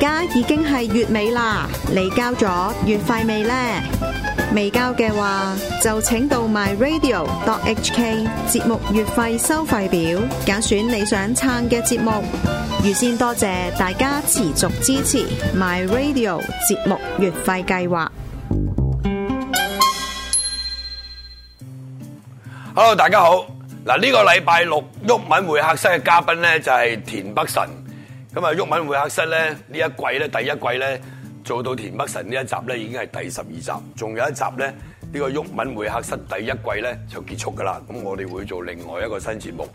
而家已經係月尾啦，你交咗月費未呢？未交嘅話，就請到 myradio.hk 節目月費收費表，揀選你想撐嘅節目。預先多謝大家持續支持 myradio 節目月費計劃。Hello，大家好。嗱、這個，呢個禮拜六毓民會客室嘅嘉賓呢，就係田北辰。咁啊！毓民會客室咧，呢一季咧，第一季咧做到田北辰呢一集咧，已經係第十二集，仲有一集咧，呢個毓民會客室第一季咧就結束噶啦。咁我哋會做另外一個新節目。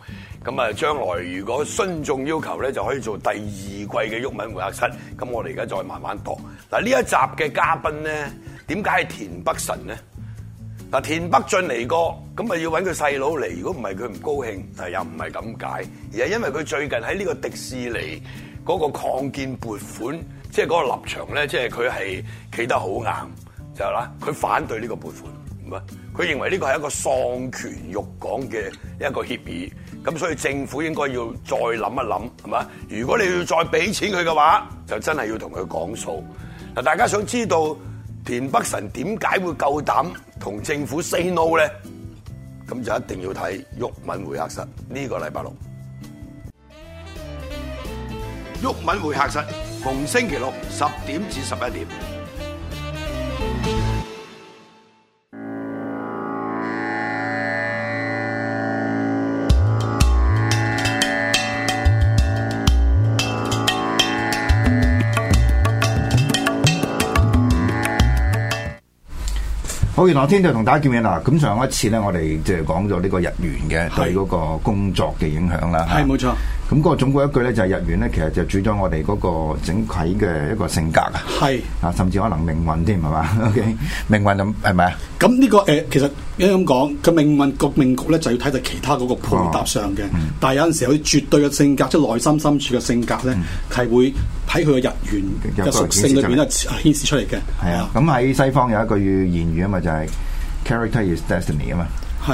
咁啊，將來如果觀眾要求咧，就可以做第二季嘅毓民會客室。咁我哋而家再慢慢度。嗱，呢一集嘅嘉賓咧，點解係田北辰咧？嗱，田北俊嚟過，咁啊要搵佢細佬嚟。如果唔係佢唔高興，但係又唔係咁解，而係因為佢最近喺呢個迪士尼。嗰個擴建撥款，即係嗰個立場咧，即係佢係企得好硬，就係啦。佢反對呢個撥款，唔係佢認為呢個係一個喪權辱港嘅一個協議，咁所以政府應該要再諗一諗，係嘛？如果你要再俾錢佢嘅話，就真係要同佢講數。嗱，大家想知道田北辰點解會夠膽同政府 say no 咧？咁就一定要睇毓民會客室呢個禮拜六。毓証會客室，逢星期六十點至十一點。好，原來天就同大家見面啦。咁上一次咧，我哋即係講咗呢個日元嘅對嗰個工作嘅影響啦。係，冇錯。咁嗰個總括一句咧，就係日元咧，其實就主宰我哋嗰個整體嘅一個性格啊，係啊是，甚至可能命運添係嘛？OK，命運咁係咪啊？咁呢、這個誒、呃，其實應該咁講，個命運局命局咧，就要睇到其他嗰個配搭上嘅，哦嗯、但係有陣時有啲絕對嘅性格，即、就、係、是、內心深處嘅性格咧，係、嗯、會喺佢嘅日元嘅屬性裏邊咧，顯示出嚟嘅。係啊，咁喺、啊啊、西方有一句言語啊嘛，就係 character is destiny 啊嘛。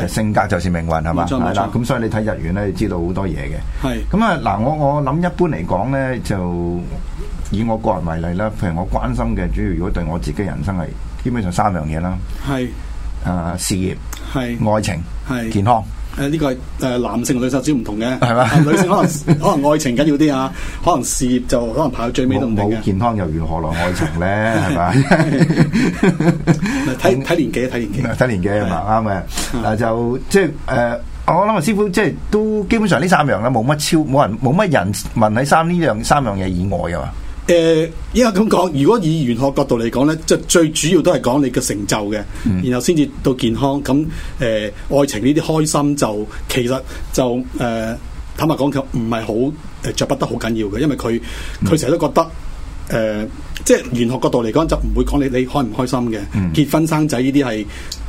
是性格就是命運，係嘛係啦，咁吧錯所以你睇日元咧，你知道好多嘢嘅。咁啊嗱，我我諗一般嚟講咧，就以我個人為例啦。譬如我關心嘅主要，如果對我自己人生係基本上三樣嘢啦，係啊是、呃、事業、係是愛情、係健康。誒呢、呃這個係誒男性女性少唔同嘅，係嘛吧、呃？女性可能可能愛情緊要啲啊，可能事業就可能排到最尾都唔同嘅。冇健康又如何來愛情咧？係咪？睇睇年紀睇年紀。睇年紀係嘛啱嘅。嗱就即係誒、呃，我諗啊，師傅即係都基本上呢三樣啦，冇乜超，冇人冇乜人問喺三呢樣三,三樣嘢以外啊。誒，依家咁講，如果以玄學角度嚟講咧，就最主要都係講你嘅成就嘅，mm. 然後先至到健康。咁誒、呃，愛情呢啲開心就其實就誒、呃，坦白講佢唔係好誒著不得好緊要嘅，因為佢佢成日都覺得。誒、呃，即係玄學角度嚟講，就唔會講你你開唔開心嘅。嗯、結婚生仔呢啲係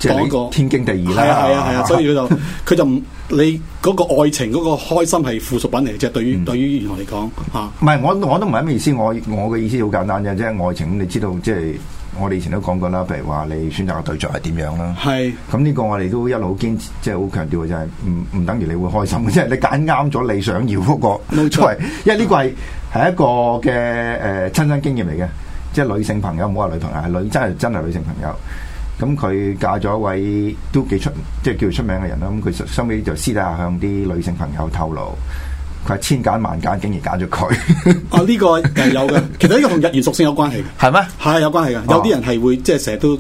講個即天經地義啦，係啊係啊，啊，啊，啊，所以佢就佢 就唔，你嗰個愛情嗰、嗰個開心係附屬品嚟嘅，即係對於、嗯、對於玄學嚟講嚇。唔、啊、係，我我都唔係咩意思，我我嘅意思好簡單嘅，即係愛情，你知道即係。我哋以前都講過啦，譬如話你選擇個對象係點樣啦，係。咁呢個我哋都一路堅持，即係好強調就係唔唔等於你會開心，即係你揀啱咗你想要嗰個。冇錯出，因為呢個係係一個嘅誒，呃，親身經驗嚟嘅，即係女性朋友，唔好話女朋友，係女真係真係女性朋友。咁佢嫁咗一位都幾出，即係叫出名嘅人啦。咁佢收收尾就私底下向啲女性朋友透露。佢係千揀萬揀，竟然揀咗佢。啊，呢、呢個係有嘅，其實呢個同日元屬性有關係嘅，係咩嗎？係有關係嘅，有啲人係會、啊、即係成日都。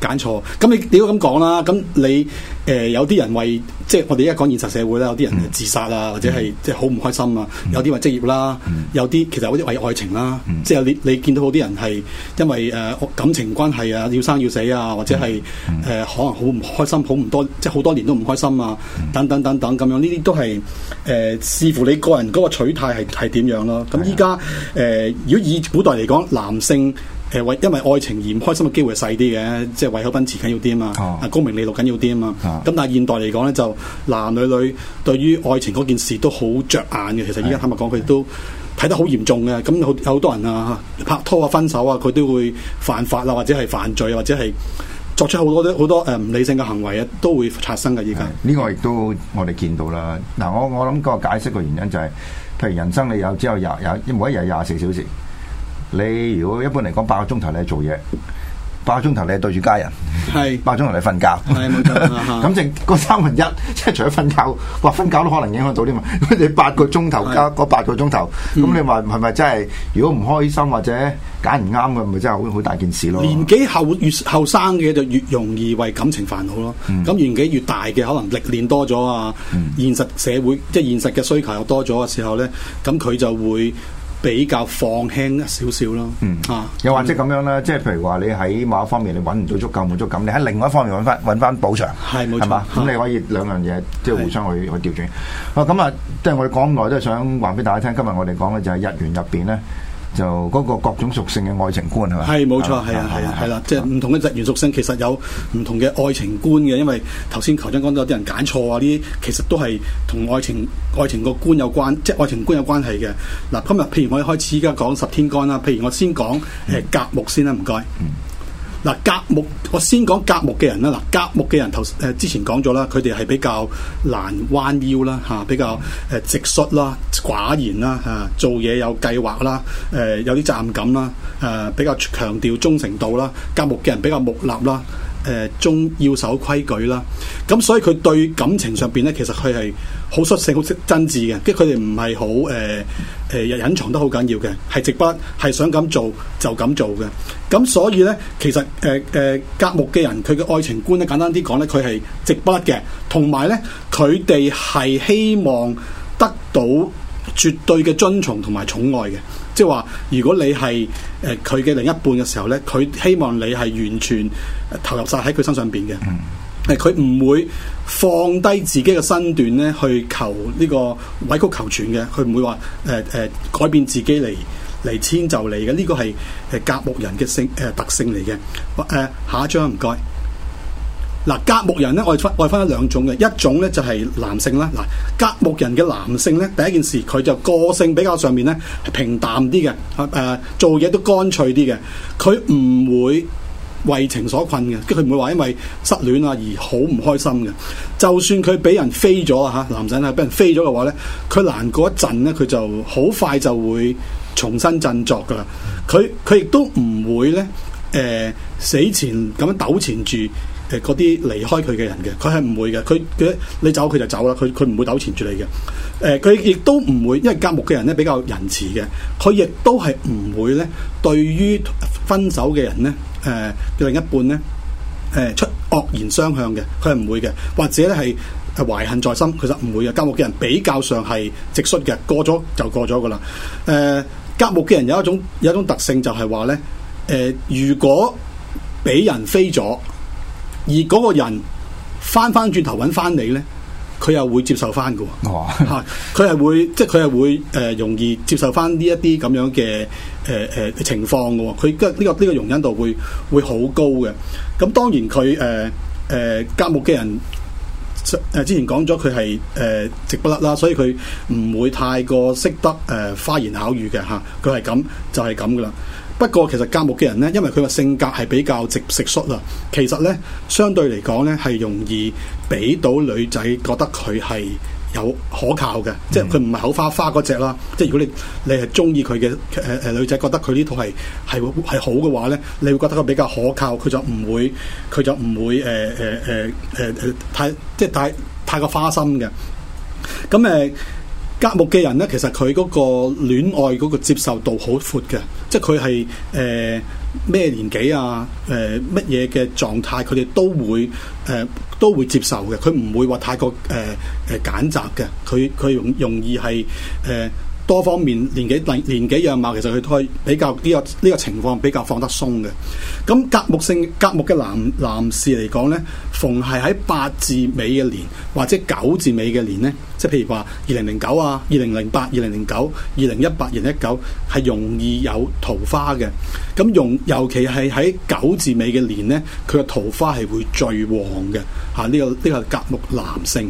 揀錯咁你你點解咁講啦，咁你誒有啲人為即係我哋而家講現實社會啦，有啲人自殺啊，或者係即係好唔開心啊，有啲為職業啦，有啲其實好啲為愛情啦，即係你你見到好啲人係因為誒感情關係啊，要生要死啊，或者係誒可能好唔開心，好唔多即係好多年都唔開心啊，等等等等咁樣，呢啲都係誒視乎你個人嗰個取態係係點樣咯。咁依家誒如果以古代嚟講，男性。誒為因為愛情而唔開心嘅機會係細啲嘅，即係為口奔馳緊要啲啊嘛，高明利祿緊要啲啊嘛。咁但係現代嚟講咧，就男女女對於愛情嗰件事都好着眼嘅。其實依家坦白講，佢是 都睇得好嚴重嘅。咁有好多人啊拍拖啊分手啊，佢都會犯法啦，啊，或者係犯罪，或者係作出好多好多誒唔理性嘅行為啊，都會發生嘅。依家呢個亦都我哋見到啦。嗱，我我諗個解釋個原因就係，譬如人生你有之有廿有每一日廿四小時。你如果一般嚟講八個鐘頭你做嘢，八個鐘頭你,你對住家人，係是八個鐘頭你瞓覺，係冇錯咁剩個三分一，即、就、係、是、除咗瞓覺，話瞓覺都可能影響到啲嘛。 你八個鐘頭加嗰是八個鐘頭，咁、嗯、你話係咪真係？如果唔開心或者揀唔啱嘅，咪真係好好大件事咯。年紀後越後生嘅就越容易為感情煩惱咯。咁、嗯、年紀越大嘅可能歷練多咗啊，嗯、現實社會即係現實嘅需求又多咗嘅時候咧，咁佢就會。比較放輕少少咯，嗯啊，又或者咁樣啦，即係、嗯、譬如話你喺某一方面你揾唔到足夠滿足感，你喺另外一方面揾翻揾翻補償，係冇錯，咁吧、啊、你可以兩樣嘢、啊、即係互相去去是調轉啊。咁啊，即係我哋講耐都係想話俾大家聽，今日我哋講嘅就係日元入邊咧。就嗰個各種屬性嘅愛情觀係咪？係冇是吧錯，係吧啊，係啊，係啦，即係唔同嘅日元屬性其實有唔同嘅愛情觀嘅，因為頭先求真講到有啲人揀錯啊，呢啲其實都係同愛情愛情個觀有關，即係愛情觀有關係嘅。嗱、啊，今日譬如我哋開始依家講十天干啦，譬如我先講誒甲、嗯呃、木先啦、啊，唔該。嗯嗱，甲木，我先講甲木嘅人啦。嗱，甲木嘅人頭誒之前講咗啦，佢哋係比較難彎腰啦，嚇比較誒直率啦、寡言啦，嚇做嘢有計劃啦，誒、呃、有啲責任感啦，誒、呃、比較強調忠誠度啦。甲木嘅人比較木訥啦。誒、呃、中要守規矩啦，咁所以佢對感情上邊咧，其實佢係好率性、好真摯嘅，即係佢哋唔係好誒誒隱藏得好緊要嘅，係直筆，係想咁做就咁做嘅。咁所以咧，其實誒誒甲木嘅人，佢嘅愛情觀咧，簡單啲講咧，佢係直筆嘅，同埋咧佢哋係希望得到絕對嘅遵從同埋寵愛嘅，即係話如果你係誒佢嘅另一半嘅時候咧，佢希望你係完全投入晒喺佢身上邊嘅，嗯，誒佢唔會放低自己嘅身段咧去求呢個委曲求全嘅，佢唔會話誒誒改變自己嚟嚟遷就你嘅，呢、這個係誒甲木人嘅性誒、呃、特性嚟嘅。誒、呃、下一張唔該。嗱、就是，甲木人咧，我哋分，我分咗兩種嘅，一種咧就係男性啦。嗱，甲木人嘅男性咧，第一件事佢就個性比較上面咧係平淡啲嘅，誒、呃、做嘢都乾脆啲嘅，佢唔會為情所困嘅，佢唔會話因為失戀啊而好唔開心嘅。就算佢俾人飛咗啊嚇，男性啊俾人飛咗嘅話咧，佢難過一陣咧，佢就好快就會重新振作噶啦。佢佢亦都唔會咧。誒、呃，死前咁樣糾纏住誒嗰啲離開佢嘅人嘅，佢係唔會嘅，佢佢你走佢就走啦，佢佢唔會糾纏住你嘅。誒、呃，佢亦都唔會，因為甲木嘅人咧比較仁慈嘅，佢亦都係唔會咧，對於分手嘅人咧，誒、呃、另一半咧，誒、呃、出惡言相向嘅，佢係唔會嘅，或者咧係誒懷恨在心，其實唔會嘅。甲木嘅人比較上係直率嘅，過咗就過咗噶啦。誒、呃，甲木嘅人有一種有一種特性就係話咧。誒，如果俾人飛咗，而嗰個人翻翻轉頭揾翻你咧，佢又會接受翻噶。佢係 會，即係佢係會誒容易接受翻呢一啲咁樣嘅誒誒情況噶。佢呢、呢個呢、呢個容忍度會會好高嘅。咁當然佢誒誒甲木嘅人誒之前講咗，佢係誒直不甩啦，所以佢唔會太過識得誒、呃、花言巧語嘅嚇。佢係咁就係咁噶啦。不過其實甲木嘅人咧，因為佢個性格係比較直直率啦。其實咧，相對嚟講咧，係容易俾到女仔覺得佢係有可靠嘅、嗯，即係佢唔係口花花嗰隻啦。即係如果你你係中意佢嘅誒誒女仔，覺得佢呢套係係係好嘅話咧，你會覺得佢比較可靠，佢就唔會佢就唔會誒誒誒誒太即係太太過花心嘅。咁誒。呃甲木嘅人咧，其實佢嗰個戀愛嗰個接受度好闊嘅，即係佢係誒咩年紀啊，誒乜嘢嘅狀態，佢哋都會誒、呃、都會接受嘅，佢唔會話太過誒誒、呃、揀擇嘅，佢佢容容易係誒。呃多方面年紀年紀樣貌，其實佢都係比較呢、這個呢、這個情況比較放得鬆嘅。咁甲木性甲木嘅男男士嚟講呢，逢係喺八字尾嘅年或者九字尾嘅年呢，即係譬如話二零零九啊、二零零八、二零零九、二零一八、二零一九係容易有桃花嘅。咁尤尤其係喺九字尾嘅年呢，佢個桃花係會最旺嘅。嚇、啊，呢、這個呢、這個係甲木男性。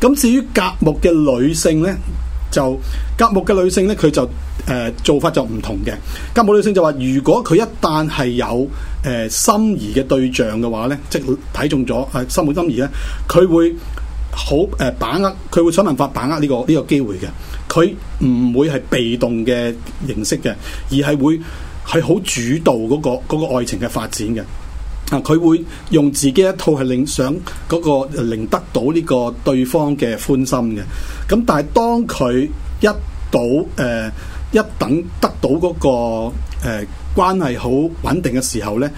咁至於甲木嘅女性呢？就甲木嘅女性咧，佢就誒、呃、做法就唔同嘅。甲木女性就話，如果佢一旦係有誒、呃、心儀嘅對象嘅話咧，即係睇中咗係心滿心儀咧，佢會好誒、呃、把握，佢會想辦法把握呢、這個呢、這個機會嘅。佢唔會係被動嘅形式嘅，而係會係好主導嗰、那個那個那個愛情嘅發展嘅。啊！佢會用自己一套係令想嗰、那個令得到呢個對方嘅歡心嘅。咁但係當佢一到誒、呃、一等得到嗰、那個誒、呃、關係好穩定嘅時候咧，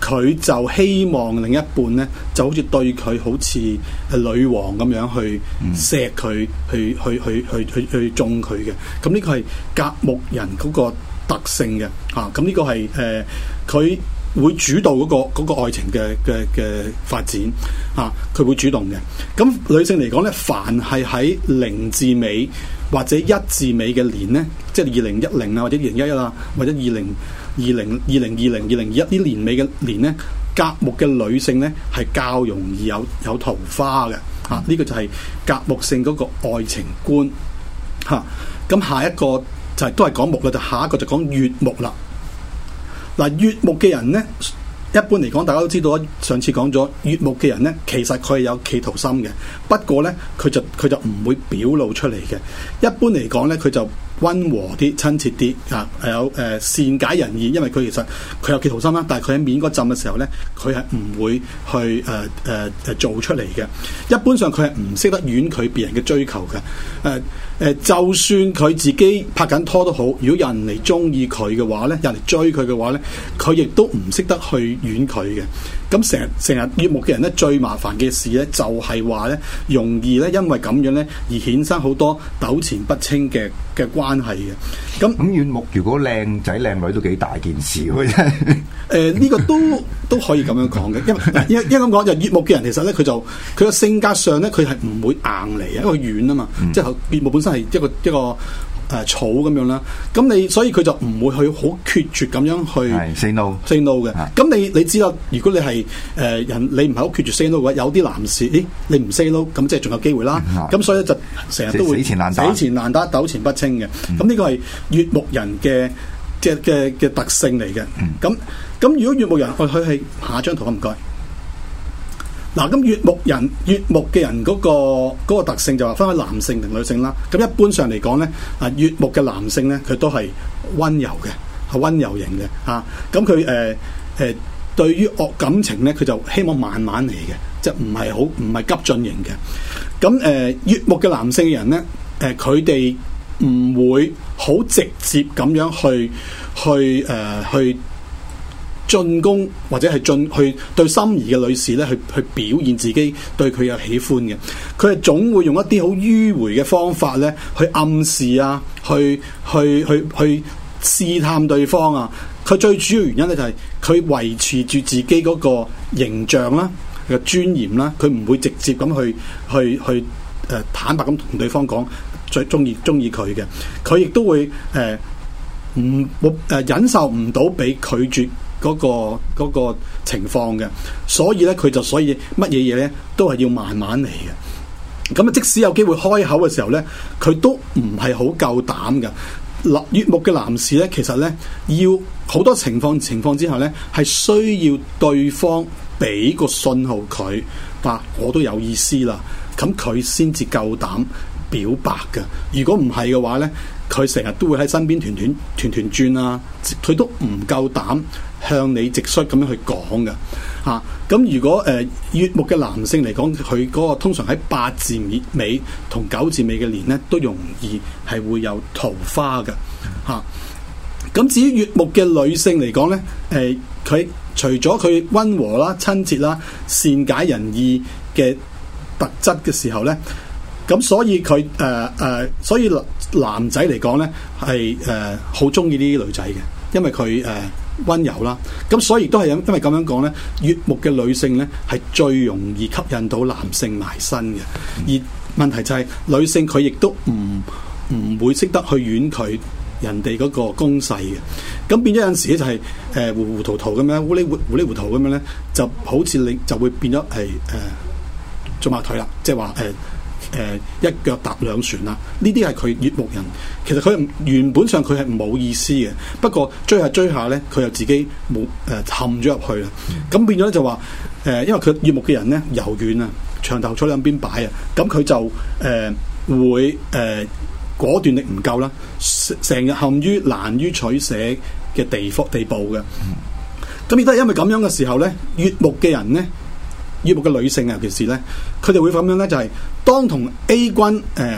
佢就希望另一半咧就好似對佢好似係女王咁樣去錫佢、嗯，去去去去去去寵佢嘅。咁、嗯、呢、這個係甲木人嗰個特性嘅。啊！咁、嗯、呢、這個係誒佢。呃會主導嗰、那個嗰、那個愛情嘅嘅嘅發展啊，佢會主動嘅。咁、嗯、女性嚟講咧，凡係喺零字尾或者一字尾嘅年咧，即係二零一零啊，或者二零一一啊，或者二零二零二零二零二零二一啲年尾嘅年咧，甲木嘅女性咧係較容易有有桃花嘅啊。呢、這個就係甲木性嗰個愛情觀。吓、啊，咁、嗯、下一個就係、是、都係講木啦，就下一個就講乙木啦。嗱，月木嘅人咧，一般嚟講，大家都知道上次講咗，月木嘅人咧，其實佢係有企圖心嘅，不過咧，佢就佢就唔會表露出嚟嘅。一般嚟講咧，佢就溫和啲、親切啲啊，有誒、呃、善解人意，因為佢其實佢有企圖心啦，但係佢喺面嗰陣嘅時候咧，佢係唔會去誒誒誒做出嚟嘅。一般上佢係唔識得婉拒別人嘅追求嘅。誒、呃、誒、呃，就算佢自己拍緊拖都好，如果有人嚟中意佢嘅話咧，有人嚟追佢嘅話咧，佢亦都唔識得去婉拒嘅。咁成日、成日乙木嘅人咧，最麻煩嘅事咧，就係話咧，容易咧，因為咁樣咧而衍生好多糾纏不清嘅嘅關係。關係嘅，咁咁乙木如果靚仔靚女都幾大件事嘅、啊、誒，呢、 呃這個都都可以咁樣講嘅，因為 因為因為咁講就乙木嘅人其實咧，佢就佢個性格上咧，佢係唔會硬嚟嘅，因為軟啊嘛，嗯、即係乙木本身係一個一個。一個誒、啊、草咁樣啦，咁你所以佢就唔會去好決絕咁樣去 say no say no 嘅。咁你你知道，如果你係誒人，你唔係好決絕 say no 嘅話，有啲男士，咦，你唔 say no，咁即係仲有機會啦。咁、嗯嗯嗯、所以就成日都會死纏爛打、死纏爛打、糾纏不清嘅。咁呢個係乙木人嘅嘅嘅嘅特性嚟嘅。咁咁、嗯嗯、如果乙木人，佢係、嗯、下張圖，唔該。嗱，咁月木人月木嘅人嗰個嗰個特性就話分為男性定女性啦。咁一般上嚟講咧，啊月木嘅男性咧，佢都係溫柔嘅，係溫柔型嘅。啊，咁佢誒誒對於惡感情咧，佢就希望慢慢嚟嘅，即係唔係好唔係急進型嘅。咁誒月木嘅男性嘅人咧，誒佢哋唔會好直接咁樣去去誒去。進攻或者係進去對心儀嘅女士咧，去去表現自己對佢嘅喜歡嘅，佢係總會用一啲好迂回嘅方法咧，去暗示啊，去去去去試探對方啊。佢最主要原因咧就係佢維持住自己嗰個形象啦，啊，個尊嚴啦，啊，佢唔會直接咁去去去誒、呃、坦白咁同對方講最中意中意佢嘅，佢亦都會誒唔我誒忍受唔到畀拒絕。嗰個嗰個情況嘅，所以咧佢就所以乜嘢嘢咧都係要慢慢嚟嘅。咁啊，即使有機會開口嘅時候咧，佢都唔係好夠膽嘅。乙木嘅男士咧，其實咧要好多情況情況之下咧，係需要對方俾個信號佢，啊，我都有意思啦，咁佢先至夠膽表白㗎。如果唔係嘅話咧。佢成日都會喺身邊團團團團轉啊，佢都唔夠膽向你直率咁樣去講嘅嚇。咁、啊、如果誒月、呃、木嘅男性嚟講，佢嗰個通常喺八字尾同九字尾嘅年咧，都容易係會有桃花嘅嚇。咁、啊、至於月木嘅女性嚟講咧，誒、呃、佢除咗佢温和啦、親切啦、善解人意嘅特質嘅時候咧，咁所以佢誒誒所以。男仔嚟講咧，係誒好中意呢啲女仔嘅，因為佢誒温柔啦。咁所以亦都係因因為咁樣講咧，悅目嘅女性咧，係最容易吸引到男性埋身嘅。而問題就係、是、女性佢亦都唔唔會識得去遠拒人哋嗰個攻勢嘅。咁變咗有陣時咧，就係誒糊糊塗塗咁樣糊里糊糊里糊塗咁樣咧，就好似你就會變咗係誒做馬腿啦，即係話誒。呃誒、呃、一腳踏兩船啦！呢啲係佢乙木人，其實佢原本上佢係冇意思嘅，不過追下追下咧，佢又自己冇誒、呃、陷咗入去啦。咁變咗就話誒、呃，因為佢乙木嘅人咧柔軟啊，牆頭草兩邊擺啊，咁佢就誒、呃、會誒、呃、果斷力唔夠啦，成日陷於難於取捨嘅地方地步嘅。咁亦都係因為咁樣嘅時候咧，乙木嘅人咧。乙木嘅女性尤其是咧，佢哋會咁樣咧，就係、是、當同 A 君誒誒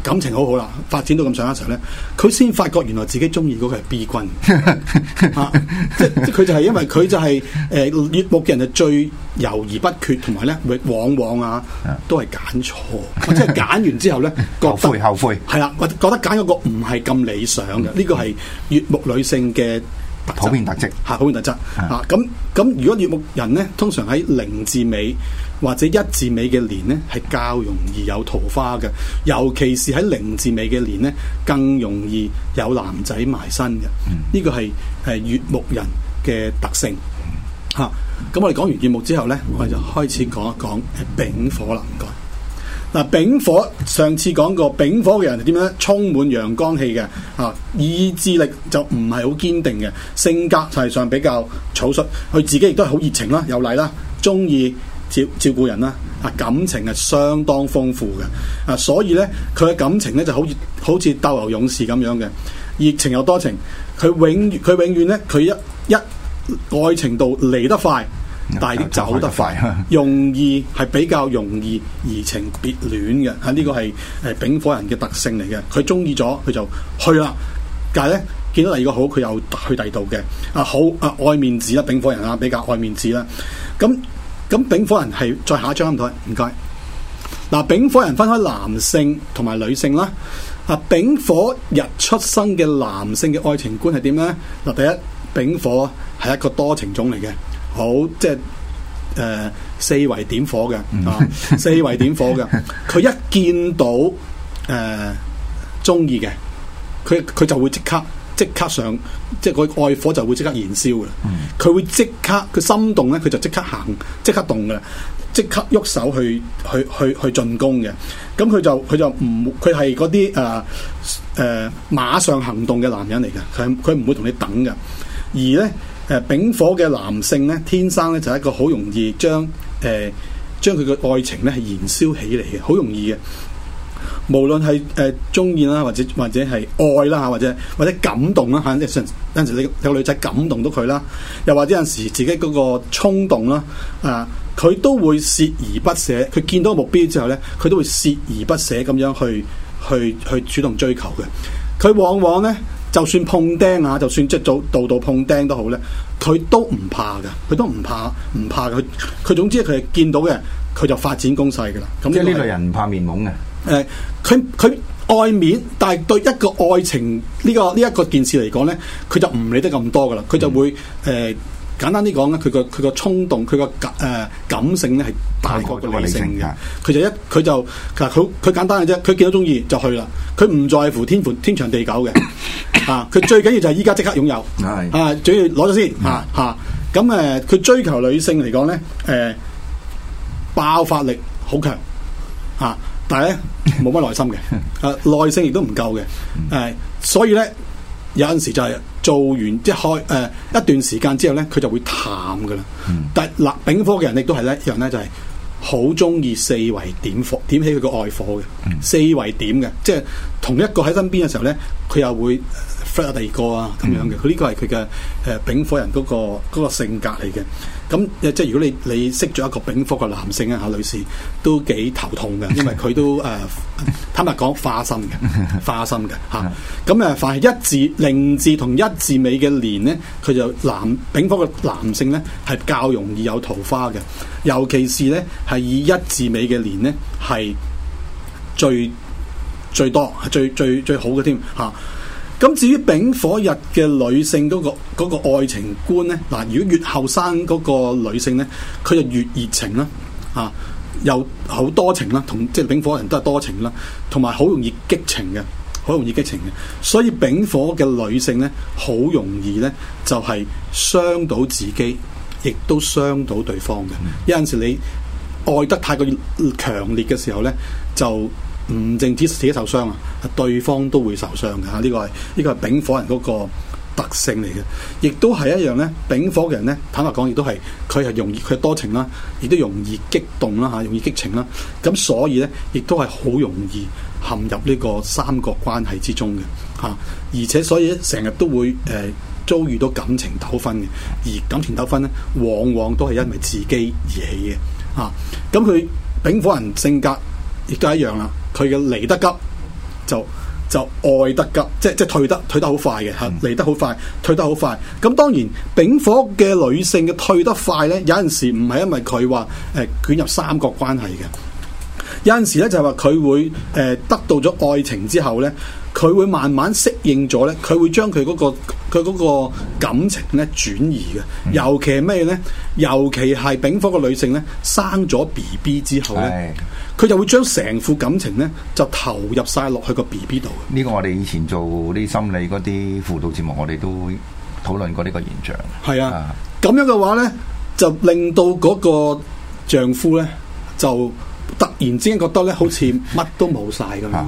感情好好啦，發展到咁上下時候咧，佢先發覺原來自己中意嗰個係 B 君、 啊，即係佢就係因為佢就係誒乙木嘅人係最猶而不決，同埋咧往往啊都係揀錯，即係揀完之後咧，覺得會後悔，係啦、啊，覺得揀嗰個唔係咁理想嘅，呢 個係乙木女性嘅。普遍特質，係普遍特質。特的啊，咁咁，如果月木人咧，通常喺零字尾或者一字尾嘅年咧，係較容易有桃花嘅，尤其是喺零字尾嘅年咧，更容易有男仔埋身嘅。呢、嗯、個係係、呃、月木人嘅特性。吓、啊，咁我哋講完月木之後咧，嗯、我哋就開始講一講丙火男角。嗱，丙、啊、火上次講過，丙火嘅人係點樣咧？充滿陽光氣嘅，嚇、啊，意志力就唔係好堅定嘅，性格就係上比較草率。佢自己亦都係好熱情啦、有禮啦，中意照照顧人啦，啊，感情係相當豐富嘅。啊，所以咧，佢嘅感情咧就好熱，好似鬥牛勇士咁樣嘅，熱情又多情。佢永佢永遠咧，佢一一愛情度嚟得快。大啲走得快，容易係 比較容易移情別戀嘅，啊呢個係誒丙火人嘅特性嚟嘅。佢中意咗，佢就去啦。但係咧見到第二個好，佢又去第二度嘅。啊好啊，愛面子啦，丙火人啊比較愛面子啦。咁咁丙火人係再下一張台，唔該。嗱、啊、丙火人分開男性同埋女性啦。啊丙火日出生嘅男性嘅愛情觀係點咧？嗱、啊、第一丙火係一個多情種嚟嘅。好即係誒、呃、四圍點火嘅，啊 四圍點火嘅，佢一見到誒中意嘅，佢、呃、佢就會即刻即刻上，即係個愛火就會即刻燃燒嘅。佢 會即刻，佢心動咧，佢就即刻行，即刻動嘅，即刻喐手去去去去進攻嘅。咁佢就佢就唔，佢係嗰啲誒誒馬上行動嘅男人嚟嘅，佢佢唔會同你等嘅，而咧。誒丙、呃、火嘅男性咧，天生咧就係、是、一個好容易將誒將佢嘅愛情咧係燃燒起嚟嘅，好容易嘅。無論係誒中意啦，或者或者係愛啦嚇，或者或者，或者感動啦嚇，有陣時你有女仔感動到佢啦，又或者有陣時自己嗰個衝動啦啊，佢都會鍥而不捨。佢見到目標之後咧，佢都會鍥而不捨咁樣去去去，去主動追求嘅。佢往往咧。就算碰釘啊，就算即做度度碰釘都好咧，佢都唔怕噶，佢都唔怕，唔怕嘅。佢佢總之佢係見到嘅，佢就發展攻勢噶啦。這這個即係呢類人唔怕面懵嘅。誒、欸，佢佢愛面，但係對一個愛情呢、呢個呢一、呢個件事嚟講咧，佢就唔理得咁多噶啦，佢就會誒。嗯呃簡單啲講咧，佢個佢個衝動，佢個感感性咧係大過個理性嘅。佢就一佢就其實佢簡單嘅啫。佢見到中意就去啦。佢唔在乎天闌天長地久嘅 啊。佢最緊要就係依家即刻擁有。係 啊，主要攞咗先嚇嚇。咁誒，佢、 啊呃、追求女性嚟講咧誒、呃，爆發力好強嚇、啊，但係咧冇乜耐心嘅啊， 耐性亦都唔夠嘅誒、啊。所以咧有陣時就係、是。做完即係開誒一段時間之後咧，佢就會淡噶啦。嗯、但係嗱、呃，丙火嘅人亦都係咧一樣咧，就係好中意四圍點火點起佢個外火嘅，嗯、四圍點嘅，即係同一個喺身邊嘅時候咧，佢又會 friend 下第二個啊咁樣嘅。佢呢個係佢嘅誒丙火人嗰、嗰個、嗰個性格嚟嘅。咁即係如果你你識咗一個丙火嘅男性啊，吓，女士都幾頭痛嘅，因為佢都誒、呃、 坦白講花心嘅，花心嘅吓。咁誒、啊，凡係一字、零字同一字尾嘅年咧，佢就男丙火嘅男性咧係較容易有桃花嘅，尤其是咧係以一字尾嘅年咧係最最多、最最最好嘅添吓。啊咁至於丙火日嘅女性嗰個嗰個愛情觀呢，嗱，如果越後生嗰個女性呢，佢就越熱情啦，嚇、啊，又好多情啦，同即係丙火人都係多情啦，同埋好容易激情嘅，好容易激情嘅，所以丙火嘅女性呢，好容易呢就係傷到自己，亦都傷到對方嘅。有陣時你愛得太過強烈嘅時候呢，就唔淨止自己受傷啊，對方都會受傷嘅嚇。呢、這個係呢、這個係丙火人嗰個特性嚟嘅，亦都係一樣咧。丙火嘅人咧，坦白講，亦都係佢係容易，佢係多情啦，亦都容易激動啦嚇、啊，容易激情啦。咁、啊、所以咧，亦都係好容易陷入呢個三角關係之中嘅嚇、啊。而且所以咧成日都會誒、呃、遭遇到感情糾紛嘅，而感情糾紛咧，往往都係因為自己而起嘅嚇。咁佢丙火人性格。亦都一樣啦，佢嘅嚟得急，就就愛得急，即即退得退得好快嘅嚇，嚟得好快，退得好快。咁當然，丙火嘅女性嘅退得快呢，有陣時唔係因為佢話誒捲入三角關係嘅，有陣時呢，就係話佢會誒、欸、得到咗愛情之後呢。佢會慢慢適應咗咧，佢會將佢嗰個佢個感情咧轉移嘅，尤其係咩咧？尤其係丙火個女性咧，生咗 B B 之後咧，佢是的 就會將成副感情咧就投入晒落去個 B B 度。呢個我哋以前做啲心理嗰啲輔導節目，我哋都討論過呢個現象。係的啊，咁樣嘅話咧，就令到嗰個丈夫咧就。突然之間覺得咧，好似乜都冇晒咁樣！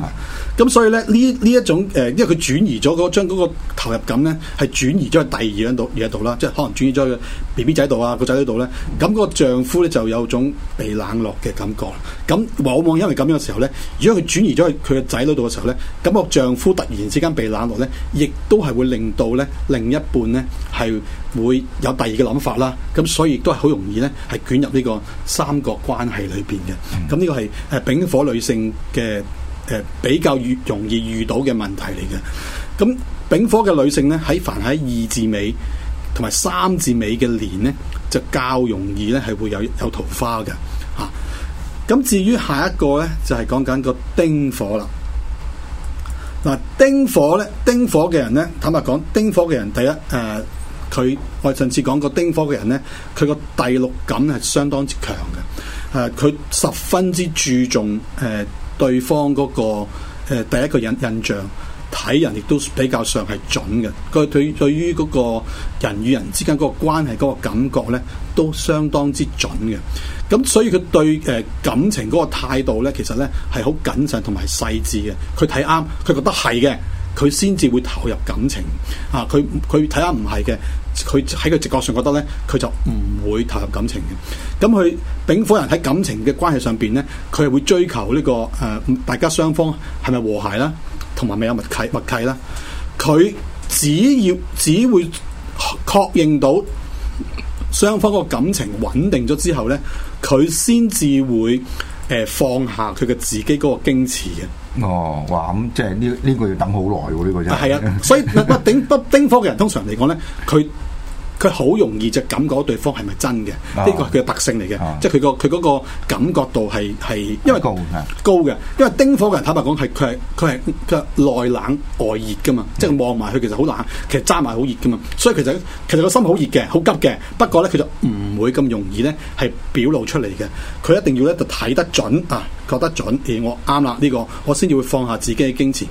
咁所以咧，呢呢一,一種誒、呃，因為佢轉移咗嗰將個投入感咧，係轉移咗去第二樣度、嘢度啦，即係可能轉移咗去 B B 仔度啊、個仔度咧。咁嗰個丈夫咧就有種被冷落嘅感覺。咁往往因為咁嘅時候咧，如果佢轉移咗去佢嘅仔度嘅時候咧，咁、個丈夫突然之間被冷落咧，亦都係會令到咧另一半咧係會有第二嘅諗法啦。咁所以都係好容易咧，係捲入呢個三角關係裏邊嘅。咁 呢個係誒丙火女性嘅，誒、呃、比較越容易遇到嘅問題嚟嘅。咁丙火嘅女性呢，喺凡喺二字尾同埋三字尾嘅年呢，就較容易咧係會有有桃花嘅吓。咁、啊、至於下一個呢，就係講緊個丁火啦。嗱、啊，丁火呢，丁火嘅人呢，坦白講，丁火嘅人第一誒，佢、呃、我上次講過，丁火嘅人呢，佢個第六感係相當之強嘅。誒佢、啊、十分之注重誒、呃、對方嗰、那個、呃、第一個印印象，睇人亦都比較上係準嘅。佢對對於嗰個人與人之間嗰個關係嗰、那個感覺咧，都相當之準嘅。咁所以佢對誒、呃、感情嗰個態度咧，其實咧係好謹慎同埋細緻嘅。佢睇啱，佢覺得係嘅。佢先至會投入感情，啊！佢佢睇下唔係嘅，佢喺佢直覺上覺得咧，佢就唔會投入感情嘅。咁佢丙火人喺感情嘅關係上邊咧，佢係會追求呢、呢個誒、呃，大家雙方係咪和諧啦，同埋咪有默契默契啦。佢只要只會確認到雙方個感情穩定咗之後咧，佢先至會誒、呃、放下佢嘅自己嗰個矜持嘅。哦，哇！咁即係呢呢個要等好耐喎，呢個真係。係啊，啊 所以不頂不丁科嘅人通常嚟講咧，佢。佢好容易就感覺對方係咪真嘅？呢個係佢嘅特性嚟嘅，啊、即係佢個佢嗰個感覺度係係因為高嘅，因為丁火嘅人坦白講係佢係佢係佢係內冷外熱噶嘛，即係望埋佢其實好冷，其實揸埋好熱噶嘛，所以其實其實個心好熱嘅，好急嘅，不過咧佢就唔會咁容易咧係表露出嚟嘅，佢一定要咧就睇得準啊，覺得準，誒、欸、我啱啦呢個，我先至會放下自己嘅矜持。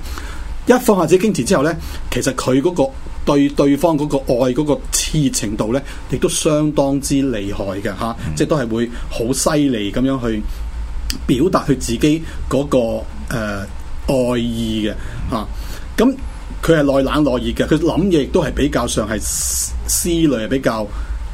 一放下自己矜持之後咧，其實佢嗰、嗰個。對，對對方嗰個愛嗰個熾熱程度咧，亦都相當之厲害嘅嚇， 即係都係會好犀利咁樣去表達佢自己嗰、那個誒、呃、愛意嘅嚇。咁佢係內冷內熱嘅，佢諗嘢亦都係比較上係思思慮係比較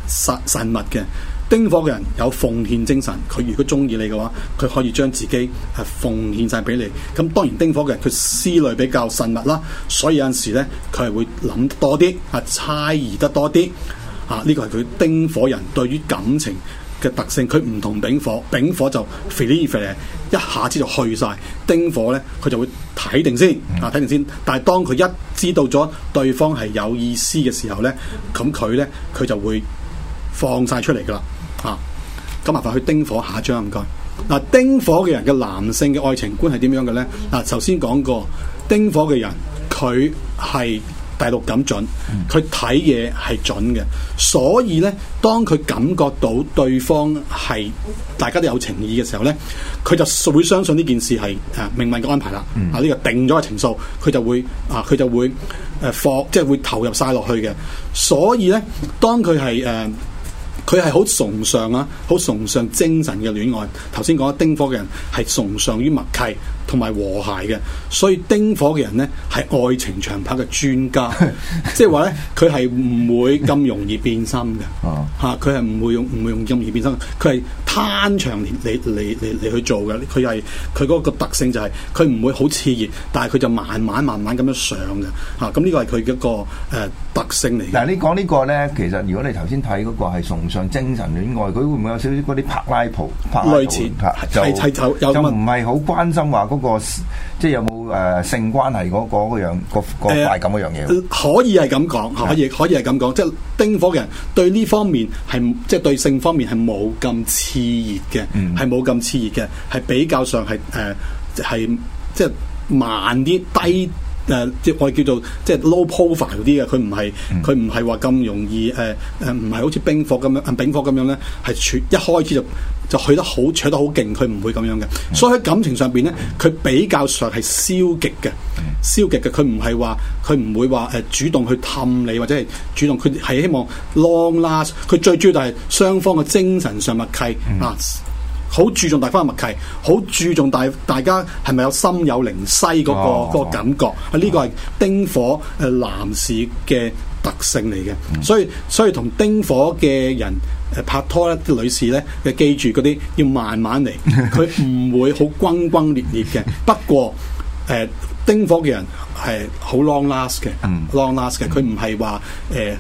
縝縝密嘅。丁火嘅人有奉獻精神，佢如果中意你嘅話，佢可以將自己係奉獻晒俾你。咁當然，丁火嘅人，佢思慮比較慎密啦，所以有陣時咧，佢係會諗得多啲，啊猜疑得多啲。啊，呢個係佢丁火人對於感情嘅特性，佢唔同丙火。丙火就肥呢肥，一下子就去晒。丁火咧，佢就會睇定先，啊睇定先。但係當佢一知道咗對方係有意思嘅時候咧，咁佢咧佢就會放晒出嚟噶啦。咁麻煩去丁火下張唔該嗱，丁、啊、火嘅人嘅男性嘅愛情觀係點樣嘅咧？嗱、啊，頭先講過丁火嘅人，佢係第六感準，佢睇嘢係準嘅，所以咧，當佢感覺到對方係大家都有情意嘅時候咧，佢就會相信呢件事係誒命運嘅安排啦。啊，呢、這個定咗嘅情數，佢就會啊，佢就會誒、啊、放，即係會投入晒落去嘅。所以咧，當佢係誒。呃佢係好崇尚啊，好崇尚精神嘅戀愛。頭先講丁火嘅人係崇尚於默契。同埋和諧嘅，所以丁火嘅人咧，係愛情長跑嘅專家，即係話咧，佢係唔會咁容易變心嘅。啊，佢係唔會用唔會用咁易變心，佢係攤長年嚟嚟嚟嚟，去做嘅。佢係佢個特性就係佢唔會好熾熱，但係佢就慢慢慢慢咁樣上嘅。嚇，咁呢個係佢一個誒特性嚟嘅。嗱，你講呢個咧，其實如果你頭先睇個係崇尚精神戀愛，佢會唔會有少少啲柏拉圖類似？係係就就就唔係好關心話。嗰、那個、即係有冇誒、呃、性關係嗰嗰個樣個個快感嗰樣嘢？可以係咁講，是的 可以可以係咁講，即係丁火嘅人對呢方面係即係對性方面係冇咁熾熱嘅，係冇咁熾熱嘅，係比較上係誒係即係慢啲低。嗯誒即係我叫做即係 low profile 啲嘅，佢唔係佢唔係話咁容易誒誒，唔、呃、係、呃、好似冰火咁樣啊，丙火咁樣咧，係全一開始就就去得好，取得好勁，佢唔會咁樣嘅。嗯、所以喺感情上邊咧，佢、嗯、比較上係消極嘅，嗯、消極嘅，佢唔係話佢唔會話誒主動去氹你或者係主動，佢係希望 long last。佢最主要就係雙方嘅精神上默契啊。嗯嗯好注重大家嘅默契，好注重大大家係咪有心有靈犀嗰個嗰個感覺，啊，呢個係丁火誒、呃、男士嘅特性嚟嘅，所以所以同丁火嘅人誒、呃、拍拖咧，啲女士咧就記住嗰啲要慢慢嚟，佢唔會好轟轟烈烈嘅。 不過誒，丁、呃、火嘅人係好 long last 嘅，long last 嘅，佢唔係話。誒、呃。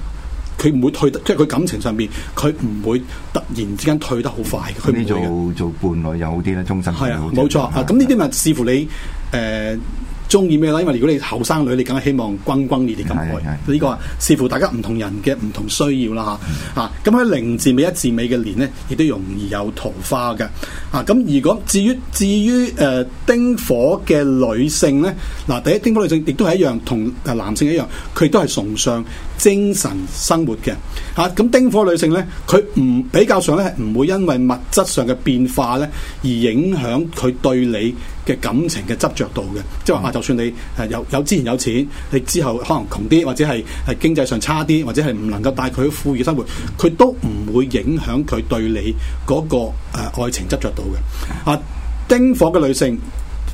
佢唔會退得，即係佢感情上邊，佢唔會突然之間退得好快嘅，佢唔會、嗯、做做伴侶又好啲咧，終身係啊，冇錯啊。咁呢啲咪視乎你誒中意咩啦？因為如果你後生女，你梗係希望轟轟烈烈咁愛。呢的、嗯、個視乎大家唔同人嘅唔同需要啦嚇啊！咁喺零字尾一字尾嘅年呢，亦都容易有桃花嘅啊！咁、嗯、如果至於至於誒、呃、丁火嘅女性咧，嗱第一，火第一丁火女性亦都係一樣，同男性一樣，佢都係崇尚。精神生活嘅，嚇、啊、咁丁火女性呢，佢唔比較上呢，唔會因為物質上嘅變化呢而影響佢對你嘅感情嘅執着度嘅。即係話，就算你誒有有之前有錢，你之後可能窮啲，或者係係經濟上差啲，或者係唔能夠帶佢去富裕生活，佢都唔會影響佢對你嗰、嗰個誒、啊、愛情執着度嘅。啊，丁火嘅女性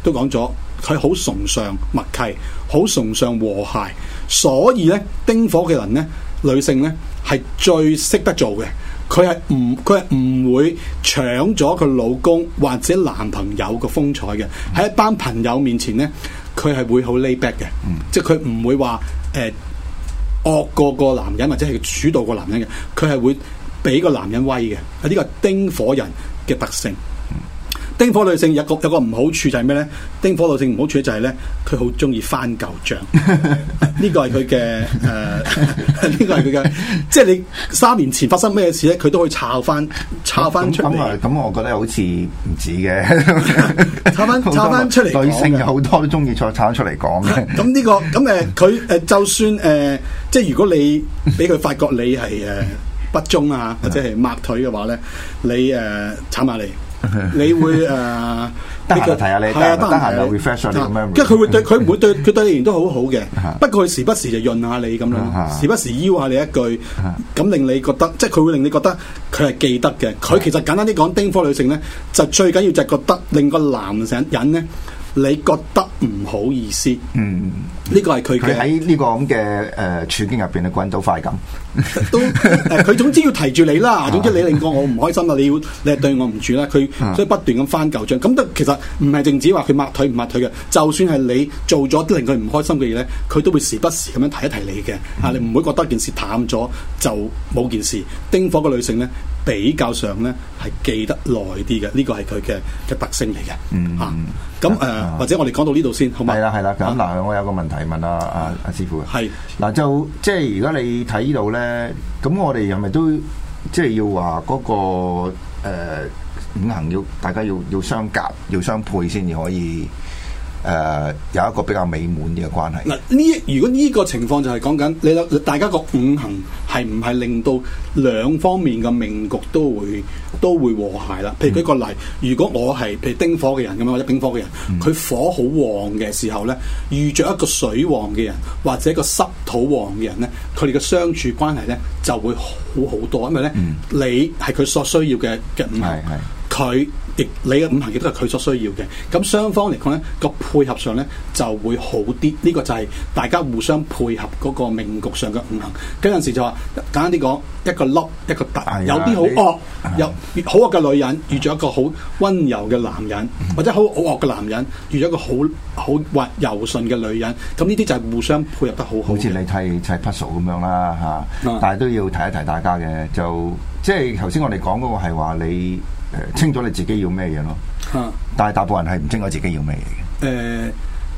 都講咗。佢好崇尚默契，好崇尚和諧，所以咧丁火嘅人咧，女性咧係最識得做嘅。佢係唔佢係唔會搶咗佢老公或者男朋友嘅風采嘅。喺一班朋友面前咧，佢係會好 lay back 嘅，嗯、即係佢唔會話誒惡過個男人或者係主導個男人嘅。佢係會俾個男人威嘅。係呢個丁火人嘅特性。丁火女性有個有個唔好處就係咩咧？丁火女性唔好處就係、係、咧，佢好中意翻舊帳。呢、呃呢個係佢嘅誒，呢個係佢嘅。即係你三年前發生咩事咧，佢都可以炒翻炒翻出嚟。咁、啊嗯嗯嗯嗯、我覺得好似唔止嘅。炒翻炒翻出嚟，女性有好多都中意再炒出嚟講嘅。咁呢、啊呢個咁誒，佢、嗯、誒、呃、就算誒、呃，即係如果你俾佢發覺你係誒不忠啊，呃、 或者係抹腿嘅話咧，你誒炒埋你。 你會誒，uh, 你得閒我提下你，得閒我 refresh 下你 memory。即係佢會對佢唔會對佢對你都好好嘅，不過佢時不時就潤下你咁樣，時不時邀下你一句，咁令你覺得，即係佢會令你覺得佢係記得嘅。佢其實簡單啲講，丁火女性咧，就最緊要就係覺得令個男人咧，你覺得唔好意思。嗯。 呢個係佢嘅，佢喺呢個咁嘅誒處境入邊，你個人都快感 都佢、呃、總之要提住你啦。總之你令過我唔開心啦，你要你要對我唔住啦，佢所以不斷咁翻舊帳。咁都其實唔係淨止話佢抹腿唔抹腿嘅，就算係你做咗啲令佢唔開心嘅嘢咧，佢都會時不時咁樣提一提你嘅。啊，你唔會覺得件事淡咗就冇件事，丁火嘅女性咧。比較上咧，係記得耐啲嘅，呢個係佢嘅嘅特性嚟嘅。嗯，嚇咁誒，或者我哋講到呢度先，好嘛？係啦，係啦。咁嗱，我有個問題問阿阿阿師傅嘅。係嗱的、啊，就即係如果你睇到咧，咁我哋係咪都即係要話嗰、嗰個、呃、五行要大家要要相夾、要相配先至可以？誒、呃、有一個比較美滿嘅關係嗱，呢如果呢個情況就係講緊你大家個五行係唔係令到兩方面嘅命局都會都會和諧啦？譬如舉個例，如果我係譬如丁火嘅人咁樣，或者丙火嘅人，佢、嗯、火好旺嘅時候呢，遇着一個水旺嘅人或者一個濕土旺嘅人呢，佢哋嘅相處關係呢就會好好多，因為呢，嗯、你係佢所需要嘅五行，佢的。的亦你嘅五行亦都係佢所需要嘅，咁雙方嚟講咧，個配合上咧就會好啲。呢、這個就係大家互相配合嗰個命局上嘅五行。嗰陣時就話簡單啲講，一個凹一個凸，啊、有啲好惡，有好惡嘅女人遇咗一個好溫柔嘅男人，啊、或者好好惡嘅男人遇咗一個好好或柔順嘅女人，咁呢啲就係互相配合得好好。好似你睇砌 puzzle 咁樣啦，嚇、啊，啊啊、但係都要提一提大家嘅，就，就即係頭先我哋講嗰個係話你。清楚你自己要咩嘢咯，但係大部分人係唔清楚自己要咩嘢嘅。誒、呃，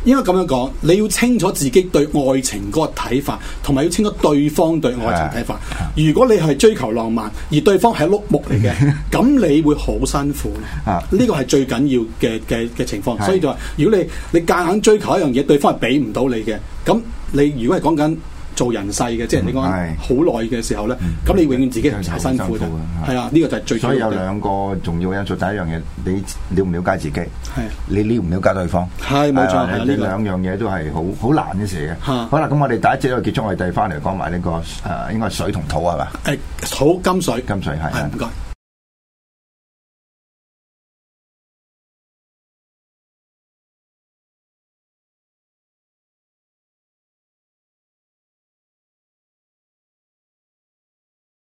應該咁樣講，你要清楚自己對愛情嗰個睇法，同埋要清楚對方對愛情睇法。如果你係追求浪漫，而對方係碌木嚟嘅，咁 你會好辛苦。呢個係最緊要嘅嘅嘅情況。所以就話，如果你你夾硬追求一樣嘢，對方係俾唔到你嘅，咁你如果係講緊。做人世嘅，即係你講好耐嘅時候咧，咁你永遠自己係辛苦嘅。係啊，呢個就係最重要。所以有兩個重要嘅因素，第一樣嘢，你了唔瞭解自己？係你了唔瞭解對方？係冇錯，係呢個。兩樣嘢都係好好難嘅事嘅。好啦，咁我哋第一節都結束，我哋第翻嚟講埋呢個誒，應該係水同土係嘛？誒，土金水。金水係。唔該。